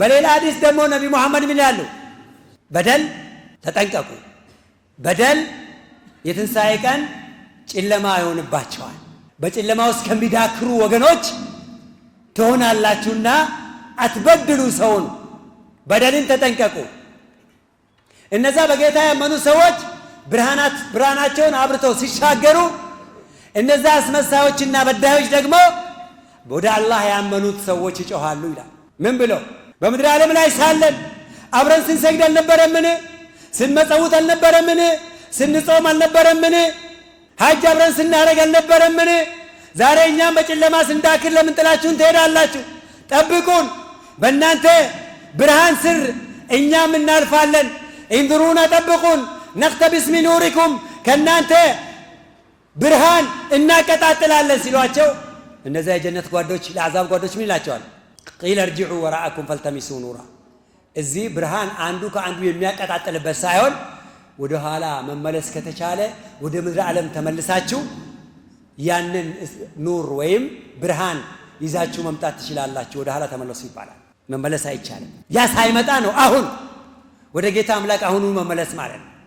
በሌላ ሀዲስ ደግሞ ነቢ ሙሐመድ ምን ያሉ በደል ተጠንቀቁ፣ በደል የትንሣኤ ቀን ጨለማ ይሆንባቸዋል፣ በጨለማ ውስጥ ከሚዳክሩ ወገኖች ትሆናላችሁና አትበድሉ ሰውን፣ በደልን ተጠንቀቁ። እነዛ በጌታ ያመኑ ሰዎች ብርሃናት ብርሃናቸውን አብርተው ሲሻገሩ እነዛ አስመሳዮችና በዳዮች ደግሞ ወደ አላህ ያመኑት ሰዎች ይጮኋሉ ይላል። ምን ብለው በምድር ዓለም ላይ ሳለን አብረን ስንሰግድ አልነበረምን? ስንመጸውት አልነበረምን? ስንጾም አልነበረምን? ሀጅ አብረን ስናደረግ አልነበረምን? ዛሬ እኛም በጨለማ ስንዳክር ለምን ጥላችሁን ትሄዳላችሁ? ጠብቁን፣ በእናንተ ብርሃን ስር እኛም እናልፋለን። እንድሩና ጠብቁን፣ ነቅተቢስ ሚን ኑሪኩም ከእናንተ ብርሃን እናቀጣጥላለን ሲሏቸው እነዚያ የጀነት ጓዶች ለአዛብ ጓዶች ምን ይላቸዋል? ቂለ እርጅዑ ወራአኩም ፈልተሚሱ ኑራ። እዚህ ብርሃን አንዱ ከአንዱ የሚያቀጣጥልበት ሳይሆን ወደ ኋላ መመለስ ከተቻለ ወደ ምድር ዓለም ተመልሳችሁ ያንን ኑር ወይም ብርሃን ይዛችሁ መምጣት ትችላላችሁ። ወደ ኋላ ተመለሱ ይባላል። መመለስ አይቻልም። ያ ሳይመጣ ነው አሁን ወደ ጌታ አምላክ አሁኑ መመለስ ማለት ነው።